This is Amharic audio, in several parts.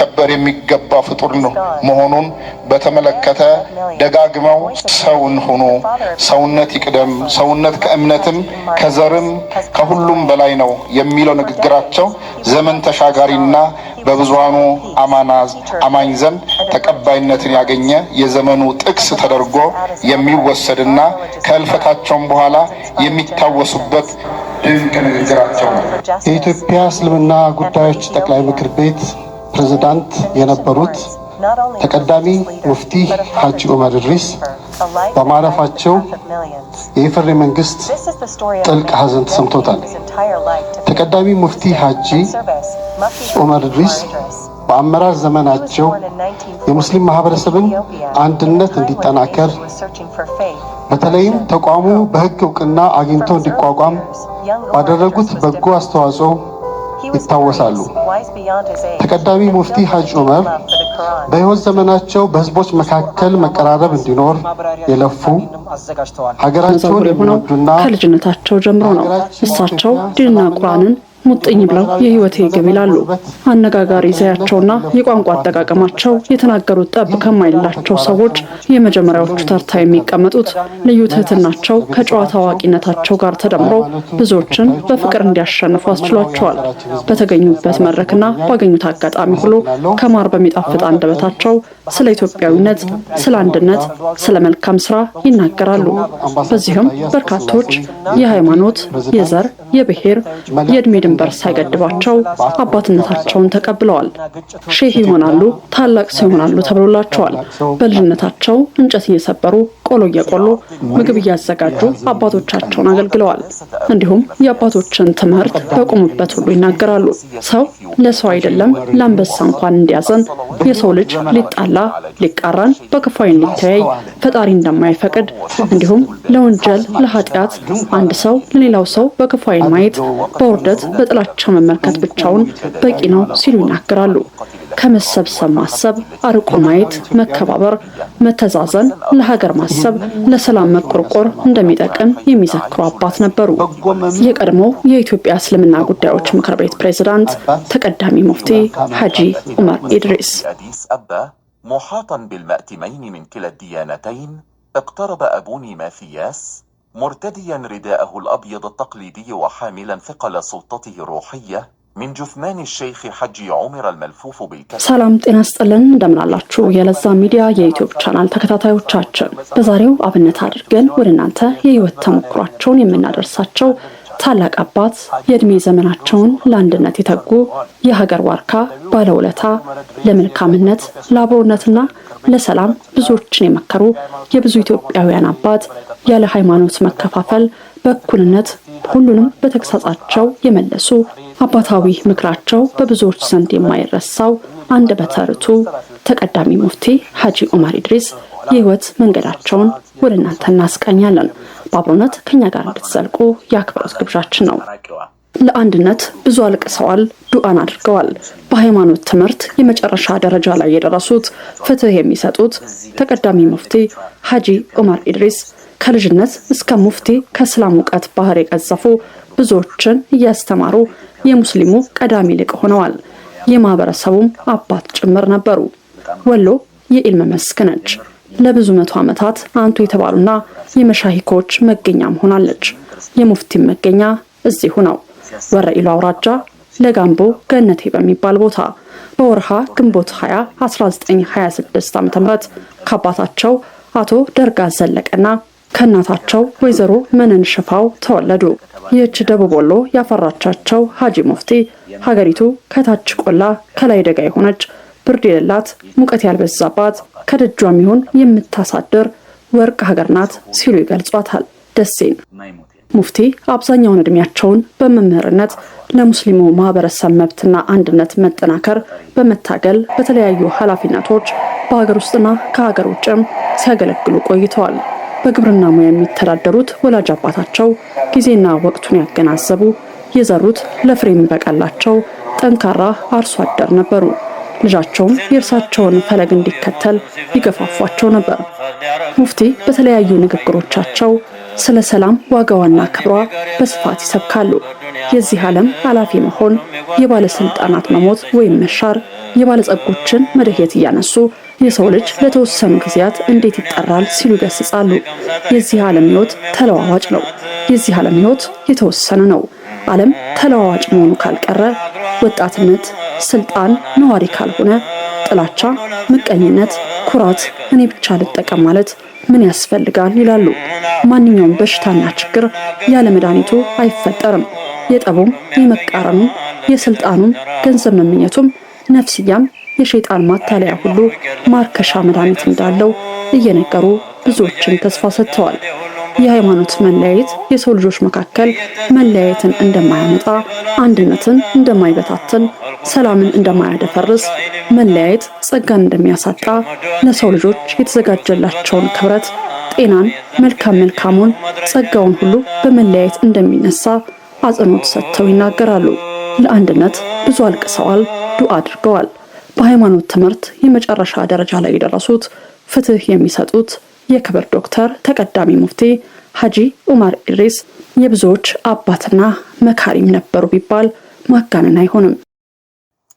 ሊከበር የሚገባ ፍጡር ነው መሆኑን በተመለከተ ደጋግመው ሰውን ሆኖ ሰውነት ይቅደም፣ ሰውነት ከእምነትም ከዘርም ከሁሉም በላይ ነው የሚለው ንግግራቸው ዘመን ተሻጋሪና በብዙሃኑ አማናዝ አማኝ ዘንድ ተቀባይነትን ያገኘ የዘመኑ ጥቅስ ተደርጎ የሚወሰድና ከእልፈታቸውም በኋላ የሚታወሱበት ድንቅ ንግግራቸው ነው። የኢትዮጵያ እስልምና ጉዳዮች ጠቅላይ ምክር ቤት ፕሬዝዳንት የነበሩት ተቀዳሚ ሙፍቲ ሐጂ ዑመር ድሪስ በማረፋቸው የኢፌዴሪ መንግስት ጥልቅ ሐዘን ተሰምቶታል። ተቀዳሚ ሙፍቲ ሐጂ ዑመር ኢድሪስ በአመራር ዘመናቸው የሙስሊም ማህበረሰብን አንድነት እንዲጠናከር በተለይም ተቋሙ በሕግ እውቅና አግኝቶ እንዲቋቋም ባደረጉት በጎ አስተዋጽኦ ይታወሳሉ። ተቀዳሚ ሙፍቲ ሐጅ ዑመር በሕይወት ዘመናቸው በህዝቦች መካከል መቀራረብ እንዲኖር የለፉ ሀገራቸውን የሚወዱና ከልጅነታቸው ጀምሮ ነው እሳቸው ዲንና ቁርአንን ሙጥኝ ብለው የህይወቴ ግብ ይላሉ። አነጋጋሪ ዘያቸውና የቋንቋ አጠቃቀማቸው የተናገሩት ጠብ ከማይላቸው ሰዎች የመጀመሪያዎቹ ተርታ የሚቀመጡት ልዩ ትህትናቸው ከጨዋታ አዋቂነታቸው ጋር ተደምሮ ብዙዎችን በፍቅር እንዲያሸንፉ አስችሏቸዋል። በተገኙበት መድረክና ባገኙት አጋጣሚ ሁሉ ከማር በሚጣፍጥ አንደበታቸው ስለ ኢትዮጵያዊነት፣ ስለ አንድነት፣ ስለ መልካም ስራ ይናገራሉ። በዚህም በርካቶች የሃይማኖት፣ የዘር፣ የብሔር፣ የእድሜ ድንበር ሳይገድባቸው አባትነታቸውን ተቀብለዋል። ሼህ ይሆናሉ፣ ታላቅ ሰው ይሆናሉ ተብሎላቸዋል። በልጅነታቸው እንጨት እየሰበሩ ቆሎ እየቆሉ ምግብ እያዘጋጁ አባቶቻቸውን አገልግለዋል። እንዲሁም የአባቶችን ትምህርት በቆሙበት ሁሉ ይናገራሉ። ሰው ለሰው አይደለም ለአንበሳ እንኳን እንዲያዘን የሰው ልጅ ሊጣላ ሊቃራን በክፋይ ሊተያይ ፈጣሪ እንደማይፈቅድ እንዲሁም ለወንጀል ለኃጢአት አንድ ሰው ለሌላው ሰው በክፋይ ማየት በውርደት በጥላቻ መመልከት ብቻውን በቂ ነው ሲሉ ይናገራሉ። ከመሰብሰብ ማሰብ፣ አርቆ ማየት፣ መከባበር፣ መተዛዘን፣ ለሀገር ማሰብ፣ ለሰላም መቆርቆር እንደሚጠቅም የሚዘክሩ አባት ነበሩ። የቀድሞው የኢትዮጵያ እስልምና ጉዳዮች ምክር ቤት ፕሬዝዳንት ተቀዳሚ ሙፍቲ ሐጂ ዑመር ኢድሪስ محاطا بالمأتمين من كلا الديانتين اقترب أبو نيماثياس مرتديا رداءه الأبيض التقليدي وحاملا ثقل سلطته الروحية ሚን ጁፍማን ሸይኽ ሐጂ ዑመር አልመልፉፍ ቢልከ ሰላም ጤና ስጥልን። እንደምናላችሁ የለዛ ሚዲያ የዩቲዩብ ቻናል ተከታታዮቻችን፣ በዛሬው አብነት አድርገን ወደ እናንተ የህይወት ተሞክሯቸውን የምናደርሳቸው ታላቅ አባት የእድሜ ዘመናቸውን ለአንድነት የተጉ የሀገር ዋርካ ባለውለታ፣ ለመልካምነት ለአብሮነትና ለሰላም ብዙዎችን የመከሩ የብዙ ኢትዮጵያውያን አባት ያለ ሃይማኖት መከፋፈል በእኩልነት ሁሉንም በተግሳጻቸው የመለሱ አባታዊ ምክራቸው በብዙዎች ዘንድ የማይረሳው አንድ በተርቱ ተቀዳሚ ሙፍቲ ሀጂ ኡመር ኢድሪስ የህይወት መንገዳቸውን ወደ እናንተ እናስቀኛለን። በአብሮነት ከኛ ጋር እንድትዘልቁ የአክብሮት ግብዣችን ነው። ለአንድነት ብዙ አልቅሰዋል፣ ዱዓን አድርገዋል። በሃይማኖት ትምህርት የመጨረሻ ደረጃ ላይ የደረሱት ፍትህ የሚሰጡት ተቀዳሚ ሙፍቲ ሀጂ ኡመር ኢድሪስ ከልጅነት እስከ ሙፍቲ ከእስላም እውቀት ባህር የቀዘፉ ብዙዎችን እያስተማሩ የሙስሊሙ ቀዳሚ ሊቅ ሆነዋል። የማህበረሰቡም አባት ጭምር ነበሩ። ወሎ የኢልም መስክ ነች። ለብዙ መቶ ዓመታት አንቱ የተባሉና የመሻሂኮች መገኛም ሆናለች። የሙፍቲም መገኛ እዚሁ ነው። ወረ ኢሉ አውራጃ ለጋምቦ ገነቴ በሚባል ቦታ በወርሃ ግንቦት 20 1926 ዓ.ም ከአባታቸው አቶ ደርጋ ዘለቀና ከእናታቸው ወይዘሮ መነን ሽፋው ተወለዱ። ይህች ደቡብ ወሎ ያፈራቻቸው ሀጂ ሙፍቲ ሀገሪቱ ከታች ቆላ ከላይ ደጋ የሆነች ብርድ የሌላት ሙቀት ያልበዛባት ከደጇም ይሁን የምታሳድር ወርቅ ሀገር ናት ሲሉ ይገልጿታል። ደሴን ሙፍቲ አብዛኛውን እድሜያቸውን በመምህርነት ለሙስሊሙ ማህበረሰብ መብትና አንድነት መጠናከር በመታገል በተለያዩ ኃላፊነቶች በሀገር ውስጥና ከሀገር ውጭም ሲያገለግሉ ቆይተዋል። በግብርና ሙያ የሚተዳደሩት ወላጅ አባታቸው ጊዜና ወቅቱን ያገናዘቡ የዘሩት ለፍሬ የሚበቃላቸው ጠንካራ አርሶ አደር ነበሩ። ልጃቸውም የእርሳቸውን ፈለግ እንዲከተል ይገፋፏቸው ነበር። ሙፍቲ በተለያዩ ንግግሮቻቸው ስለ ሰላም ዋጋዋና ክብሯ በስፋት ይሰብካሉ። የዚህ ዓለም ኃላፊ መሆን፣ የባለሥልጣናት መሞት ወይም መሻር የባለጸጎችን መድሄት እያነሱ የሰው ልጅ ለተወሰኑ ጊዜያት እንዴት ይጠራል ሲሉ ይገስጻሉ። የዚህ ዓለም ሕይወት ተለዋዋጭ ነው። የዚህ ዓለም ሕይወት የተወሰነ ነው። ዓለም ተለዋዋጭ መሆኑ ካልቀረ ወጣትነት፣ ስልጣን ነዋሪ ካልሆነ ጥላቻ፣ ምቀኝነት፣ ኩራት፣ እኔ ብቻ ልጠቀም ማለት ምን ያስፈልጋል ይላሉ። ማንኛውም በሽታና ችግር ያለ መድኃኒቱ አይፈጠርም። የጠቡም፣ የመቃረኑም፣ የስልጣኑም ገንዘብ መመኘቱም ነፍስያም የሸይጣን ማታለያ ሁሉ ማርከሻ መድኃኒት እንዳለው እየነገሩ ብዙዎችን ተስፋ ሰጥተዋል። የሃይማኖት መለያየት የሰው ልጆች መካከል መለያየትን እንደማያመጣ፣ አንድነትን እንደማይበታትን፣ ሰላምን እንደማያደፈርስ፣ መለያየት ጸጋን እንደሚያሳጣ፣ ለሰው ልጆች የተዘጋጀላቸውን ክብረት፣ ጤናን፣ መልካም መልካሙን ጸጋውን ሁሉ በመለያየት እንደሚነሳ አጽንኦት ሰጥተው ይናገራሉ። ለአንድነት ብዙ አልቅሰዋል፣ ዱአ አድርገዋል። በሃይማኖት ትምህርት የመጨረሻ ደረጃ ላይ የደረሱት ፍትህ የሚሰጡት የክብር ዶክተር ተቀዳሚ ሙፍቲ ሐጂ ኡማር ኢድሪስ የብዙዎች አባትና መካሪም ነበሩ ቢባል ማጋነን አይሆንም።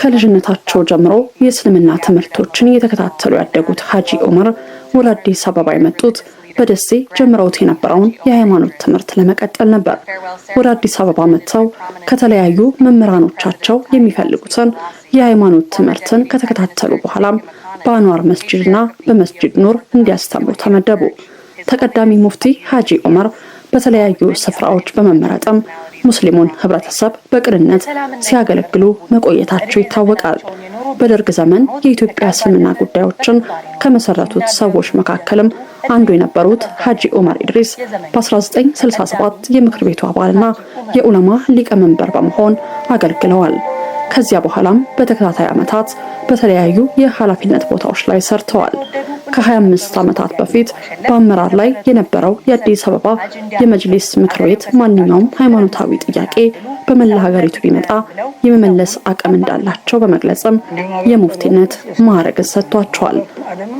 ከልጅነታቸው ጀምሮ የእስልምና ትምህርቶችን እየተከታተሉ ያደጉት ሐጂ ኡመር ወደ አዲስ አበባ የመጡት በደሴ ጀምረውት የነበረውን የሃይማኖት ትምህርት ለመቀጠል ነበር። ወደ አዲስ አበባ መጥተው ከተለያዩ መምህራኖቻቸው የሚፈልጉትን የሃይማኖት ትምህርትን ከተከታተሉ በኋላም በአንዋር መስጅድና በመስጅድ ኑር እንዲያስተምሩ ተመደቡ። ተቀዳሚ ሙፍቲ ሀጂ ኡመር በተለያዩ ስፍራዎች በመመረጥም ሙስሊሙን ህብረተሰብ በቅንነት ሲያገለግሉ መቆየታቸው ይታወቃል። በደርግ ዘመን የኢትዮጵያ እስልምና ጉዳዮችን ከመሰረቱት ሰዎች መካከልም አንዱ የነበሩት ሀጂ ኦመር ኢድሪስ በ1967 የምክር ቤቱ አባልና የኡለማ ሊቀመንበር በመሆን አገልግለዋል። ከዚያ በኋላም በተከታታይ ዓመታት በተለያዩ የኃላፊነት ቦታዎች ላይ ሰርተዋል። ከ25 ዓመታት በፊት በአመራር ላይ የነበረው የአዲስ አበባ የመጅሊስ ምክር ቤት ማንኛውም ሃይማኖታዊ ጥያቄ በመላ ሀገሪቱ ቢመጣ የመመለስ አቅም እንዳላቸው በመግለጽም የሙፍቲነት ማዕረግን ሰጥቷቸዋል።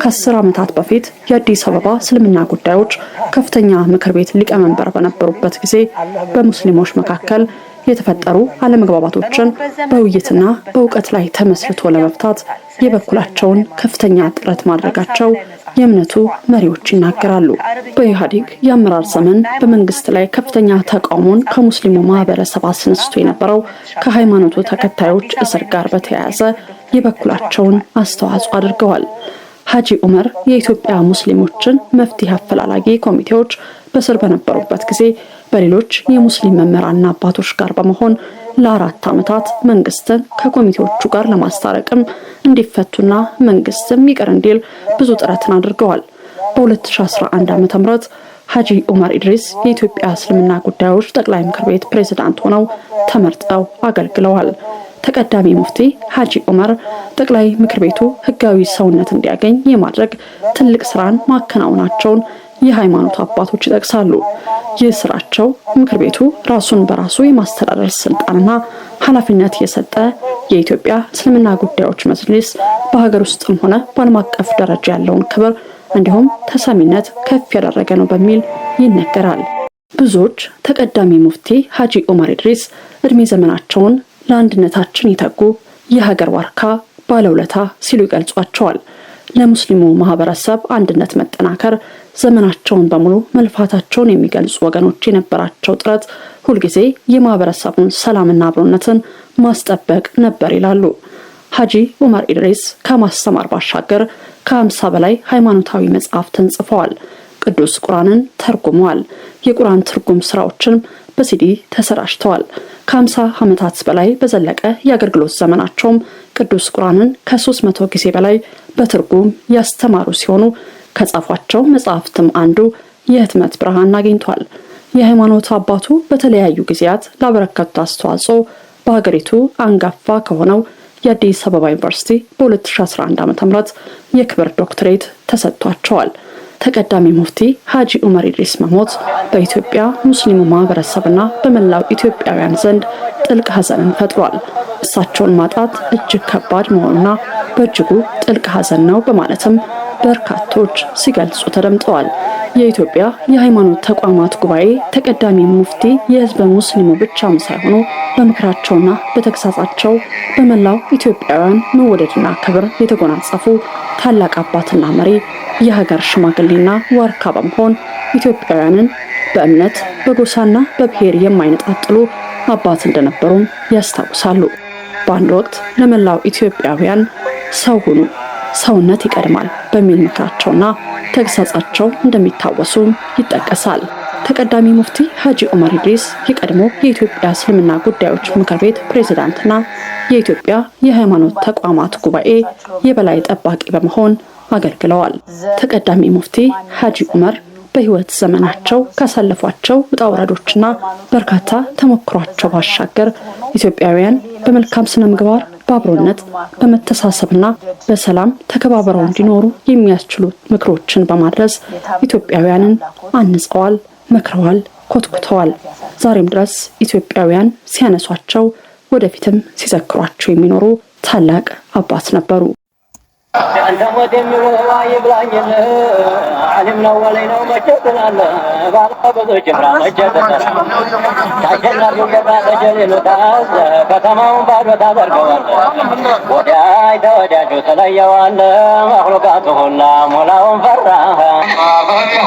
ከ10 ዓመታት በፊት የአዲስ አበባ እስልምና ጉዳዮች ከፍተኛ ምክር ቤት ሊቀመንበር በነበሩበት ጊዜ በሙስሊሞች መካከል የተፈጠሩ አለመግባባቶችን በውይይትና በእውቀት ላይ ተመስርቶ ለመፍታት የበኩላቸውን ከፍተኛ ጥረት ማድረጋቸው የእምነቱ መሪዎች ይናገራሉ። በኢህአዴግ የአመራር ዘመን በመንግስት ላይ ከፍተኛ ተቃውሞን ከሙስሊሙ ማህበረሰብ አስነስቶ የነበረው ከሃይማኖቱ ተከታዮች እስር ጋር በተያያዘ የበኩላቸውን አስተዋጽኦ አድርገዋል። ሀጂ ዑመር የኢትዮጵያ ሙስሊሞችን መፍትሄ አፈላላጊ ኮሚቴዎች በስር በነበሩበት ጊዜ በሌሎች የሙስሊም መምህራንና አባቶች ጋር በመሆን ለአራት ዓመታት መንግስትን ከኮሚቴዎቹ ጋር ለማስታረቅም እንዲፈቱና መንግስትም ይቅር እንዲል ብዙ ጥረትን አድርገዋል። በ2011 ዓ.ም ሐጂ ኡመር ኢድሪስ የኢትዮጵያ እስልምና ጉዳዮች ጠቅላይ ምክር ቤት ፕሬዝዳንት ሆነው ተመርጠው አገልግለዋል። ተቀዳሚ ሙፍቲ ሐጂ ኡመር ጠቅላይ ምክር ቤቱ ህጋዊ ሰውነት እንዲያገኝ የማድረግ ትልቅ ስራን ማከናወናቸውን የሃይማኖት አባቶች ይጠቅሳሉ። ይህ ስራቸው ምክር ቤቱ ራሱን በራሱ የማስተዳደር ስልጣንና ኃላፊነት የሰጠ የኢትዮጵያ እስልምና ጉዳዮች መጅሊስ በሀገር ውስጥም ሆነ በዓለም አቀፍ ደረጃ ያለውን ክብር እንዲሁም ተሰሚነት ከፍ ያደረገ ነው በሚል ይነገራል። ብዙዎች ተቀዳሚ ሙፍቲ ሀጂ ኦማር ኢድሪስ እድሜ ዘመናቸውን ለአንድነታችን የተጉ የሀገር ዋርካ ባለውለታ ሲሉ ይገልጿቸዋል። ለሙስሊሙ ማህበረሰብ አንድነት መጠናከር ዘመናቸውን በሙሉ መልፋታቸውን የሚገልጹ ወገኖች የነበራቸው ጥረት ሁልጊዜ የማህበረሰቡን ሰላምና አብሮነትን ማስጠበቅ ነበር ይላሉ ሐጂ ኡመር ኢድሪስ። ከማስተማር ባሻገር ከአምሳ በላይ ሃይማኖታዊ መጽሐፍትን ጽፈዋል። ቅዱስ ቁርአንን ተርጉመዋል። የቁርአን ትርጉም ስራዎችን በሲዲ ተሰራጭተዋል። ከ50 ዓመታት በላይ በዘለቀ የአገልግሎት ዘመናቸውም ቅዱስ ቁርአንን ከ300 ጊዜ በላይ በትርጉም ያስተማሩ ሲሆኑ ከጻፏቸው መጽሐፍትም አንዱ የህትመት ብርሃን አግኝቷል። የሃይማኖት አባቱ በተለያዩ ጊዜያት ላበረከቱት አስተዋጽኦ በሀገሪቱ አንጋፋ ከሆነው የአዲስ አበባ ዩኒቨርሲቲ በ2011 ዓ ም የክብር ዶክትሬት ተሰጥቷቸዋል። ተቀዳሚ ሙፍቲ ሀጂ ዑመር ኢድሪስ መሞት በኢትዮጵያ ሙስሊሙ ማህበረሰብና በመላው ኢትዮጵያውያን ዘንድ ጥልቅ ሐዘንን ፈጥሯል። እሳቸውን ማጣት እጅግ ከባድ መሆኑና በእጅጉ ጥልቅ ሐዘን ነው በማለትም በርካቶች ሲገልጹ ተደምጠዋል። የኢትዮጵያ የሃይማኖት ተቋማት ጉባኤ ተቀዳሚ ሙፍቲ የህዝበ ሙስሊሙ ብቻም ሳይሆኑ በምክራቸውና በተግሳጻቸው በመላው ኢትዮጵያውያን መወደድና ክብር የተጎናጸፉ ታላቅ አባትና መሪ የሀገር ሽማግሌና ዋርካ በመሆን ኢትዮጵያውያንን በእምነት በጎሳና በብሔር የማይነጣጥሉ አባት እንደነበሩም ያስታውሳሉ። በአንድ ወቅት ለመላው ኢትዮጵያውያን ሰው ሁኑ ሰውነት ይቀድማል በሚል ምክራቸውና ተግሳጻቸው እንደሚታወሱ ይጠቀሳል። ተቀዳሚ ሙፍቲ ሀጂ ኦመር ኢድሪስ የቀድሞ የኢትዮጵያ እስልምና ጉዳዮች ምክር ቤት ፕሬዝዳንትና የኢትዮጵያ የሃይማኖት ተቋማት ጉባኤ የበላይ ጠባቂ በመሆን አገልግለዋል። ተቀዳሚ ሙፍቲ ሀጂ ኡመር በህይወት ዘመናቸው ካሳለፏቸው ውጣ ውረዶችና በርካታ ተሞክሯቸው ባሻገር ኢትዮጵያውያን በመልካም ስነ ምግባር በአብሮነት በመተሳሰብና በሰላም ተከባብረው እንዲኖሩ የሚያስችሉ ምክሮችን በማድረስ ኢትዮጵያውያንን አንጸዋል፣ መክረዋል፣ ኮትኩተዋል። ዛሬም ድረስ ኢትዮጵያውያን ሲያነሷቸው፣ ወደፊትም ሲዘክሯቸው የሚኖሩ ታላቅ አባት ነበሩ። ያንተም ወደሚ ውህዋ ይብላኝን አሊም ነው ወለይ ነው መቼ ትላለ ባለ ብዙ ጭፍራ ገባ ተጀሌሉ ታዘ ከተማውን ባዶ ታደርገዋለ ወዳይ ተወዳጁ ተለየዋለ መክሉቃቱ ሁላ ሙላውን ፈራህ ማበሪሃ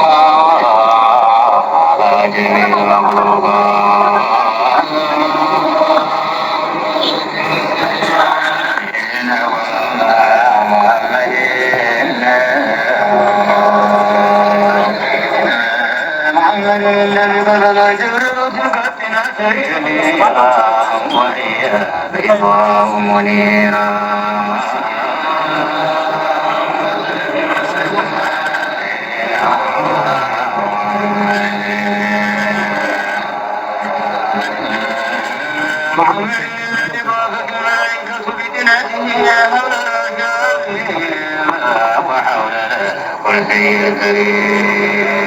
بيضاء منيرا محمد الذي باركنا عند سبيلنا يا مولانا وحول كل شيء كريم